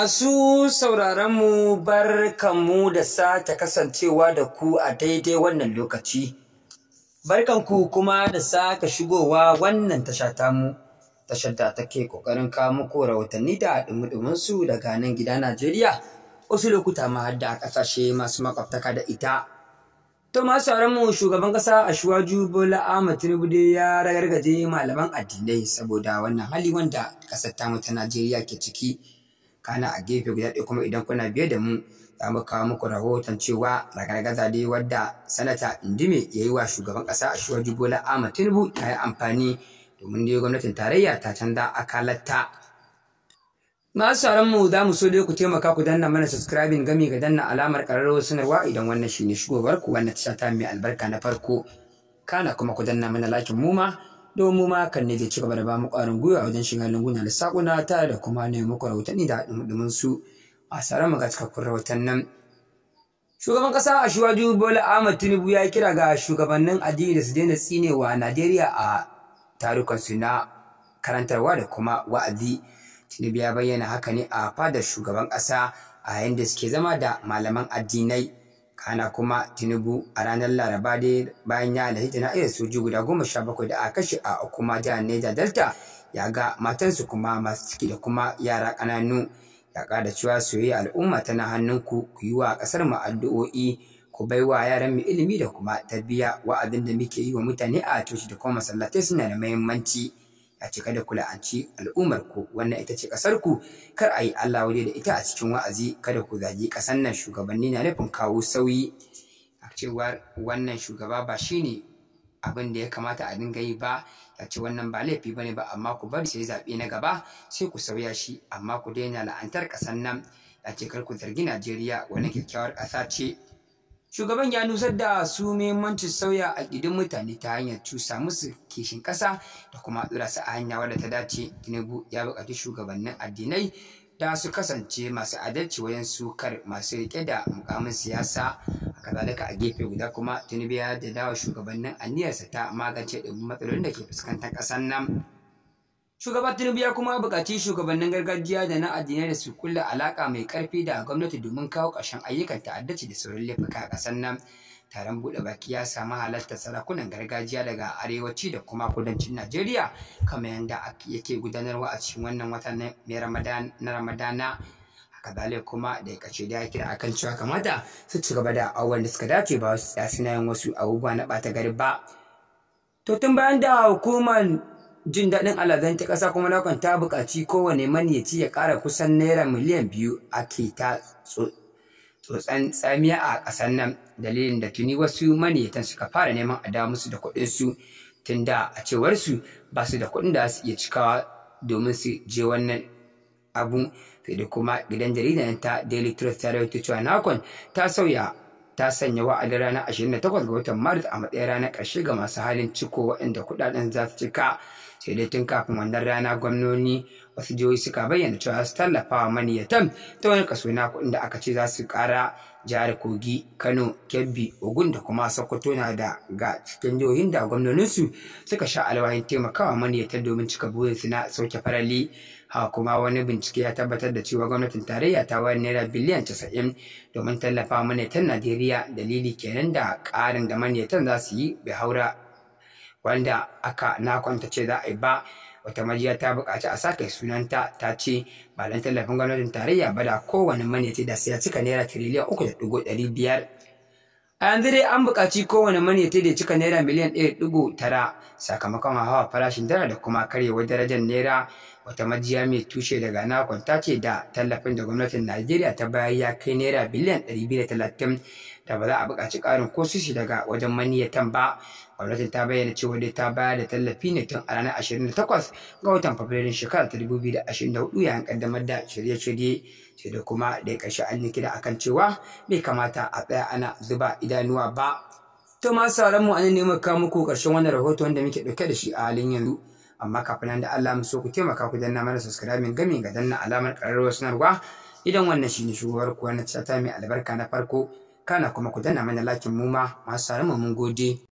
Masu sauraronmu bar kanmu da sake kasancewa da ku a daidai wannan lokaci. Barkanku kuma da sake shigowa wannan tasha tamu, tashar da take ƙoƙarin kawo muku rahotanni da ɗumi-ɗuminsu daga nan gida Najeriya, wasu lokuta ma har da ƙasashe masu maƙwabtaka da ita. To masu mu shugaban ƙasa Shuwaju, Bola Ahmed Tinubu dai ya ragargaje malaman addinai saboda wannan hali wanda ƙasar tamu ta Najeriya ke ciki. kana a gefe guda ɗaya kuma idan kuna biye da mu za mu kawo muku rahoton cewa ragargaza dai wadda sanata indime ya yi wa shugaban ƙasa a shuwar jubola ahmad tinubu ta yi amfani domin dai gwamnatin tarayya ta canza akalatta masu sauran mu za mu so dai ku taimaka ku danna mana subscribing gami ga danna alamar ƙararrawar sanarwa idan wannan shi ne shigowar ku wannan tasha ta mai albarka na farko kana kuma ku danna mana lakin mu ma domin ma kan ne zai ci gaba da ba mu ƙwarin gwiwa wajen shiga lunguna da saƙuna ta da kuma ne muku rahotanni da haɗin su a tsaron mu ga cikakkun nan. Shugaban ƙasa Ashwaju Bola Ahmad Tinubu ya kira ga shugabannin addini da su daina tsinewa Najeriya a su na karantarwa da kuma wa'azi. Tinubu ya bayyana haka ne a fadar shugaban ƙasa a yayin da suke zama da malaman addinai kana kuma tinubu a ranar laraba dai bayan ya halarci jana'izar soji guda goma sha bakwai da a kashe a kuma jihar neja delta ya ga matansu kuma masu ciki da kuma yara ƙananu ya ƙara cewa soyayya al'umma tana hannunku ku yi wa ƙasar mu addu'o'i ku bai wa yaran mu ilimi da kuma tarbiyya wa'azin da muke yi wa mutane a coci da kuma masallatai suna da muhimmanci a cika kada ku la'anci al'ummar ku wannan ita ce kasar kar a yi Allah waje da ita a cikin wa'azi kada ku zagi kasar nan shugabanni na nufin kawo sauyi a cewar wannan shugaba ba shine abin da ya kamata a dinga yi ba ya ce wannan ba laifi ba ne ba amma ku bari sai zaɓe na gaba sai ku sauya shi amma ku daina la'antar ƙasar nan ya ce kar ku zargi Najeriya wannan kyakkyawar ƙasa ce shugaban ya nusar da su maimancin sauya a gidan mutane ta hanyar cusa musu kishin ƙasa da kuma tsura su a hanya wadda ta dace tinubu ya buƙaci shugabannin addinai da su kasance masu adalci wajen sukar masu riƙe da mukamin siyasa kazalika a gefe guda kuma tinubu ya jaddada wa shugabannin aniyarsa ta magance ɗumbin matsalolin da ke fuskantar ƙasar nan Shugaban Tinubu ya kuma buƙaci shugabannin gargajiya da na addinai da su kulla alaƙa mai ƙarfi da gwamnati domin kawo ƙarshen ayyukan ta'addaci da sauran laifuka a ƙasar nan. Taron buɗe baki ya samu halartar sarakunan gargajiya daga arewaci da kuma kudancin Najeriya kamar yadda yake gudanarwa a cikin wannan watan na Ramadana. kadale kuma da kace da yake akan cewa kamata su ci gaba da awon da suka dace ba su tsaya wasu abubuwa na ɓata gari ba to tun bayan da hukumar jin daɗin zan ta ƙasa kuma nakon ta buƙaci kowane maniyaci ya ƙara kusan naira miliyan biyu ake ta tsotsan tsamiya a ƙasar nan dalilin da tuni wasu maniyatan suka fara neman a dawo musu da su tun da a cewarsu ba su da kuɗin da su iya cikawa domin su je wannan abu sai da kuma gidan jaridar ta daily trust ta rawaito cewa nakon ta sauya ta sanya wa'adin ranar 28 ga watan maris a matsayin ranar ƙarshe ga masu halin ciko waɗanda kuɗaɗen za su cika sai dai tun kafin wannan rana gwamnoni wasu jihohi suka bayyana cewa su tallafa wa maniyatan ta wani kaso na kuɗin da aka ce za su ƙara jihar kogi kano kebbi ogun da kuma sokoto na da ga cikin jihohin da gwamnoninsu suka sha alwahin taimakawa maniyatan domin cika burinsu na sauke farali ha kuma wani bincike ya tabbatar da cewa gwamnatin tarayya ta wayar naira biliyan casa'in domin tallafa maniyatan najeriya dalili kenan da ƙarin da maniyatan za su yi bai haura wanda aka na ce za a yi ba wata majiya ta buƙaci a sake sunanta ta ce ba dan tallafin gwamnatin tarayya ba da kowane maneti da sai ya cika naira tiriliyan uku da ɗigo ɗari biyar a yanzu dai an buƙaci kowane maneti da cika naira miliyan ɗaya ɗigo tara sakamakon hawa farashin dala da kuma karyewar darajar naira wata majiya mai tushe daga nakon ta ce da tallafin da gwamnatin najeriya ta bayar ya kai naira biliyan 230 da ba za a buƙaci ƙarin ko sushi daga wajen maniyatan ba gwamnatin ta bayyana cewa dai ta bayar da tallafi ne tun a ranar 28 ga watan fabrairun shekara ta 2024 yayin kaddamar da shirye-shirye sai da kuma da ya ƙarshe an yi kira akan cewa bai kamata a tsaya ana zuba idanuwa ba to ma sauran mu an nemi kawo muku ƙarshen wannan rahoton da muke ɗauke da shi a halin yanzu amma kafin nan da Allah mu so ku taimaka ku danna mana subscribing gami ga danna alamar ƙararrawar sanarwa idan wannan shine shugabar kuwa na ta mai albarka na farko kana kuma ku danna mana lakin mu ma masu mun gode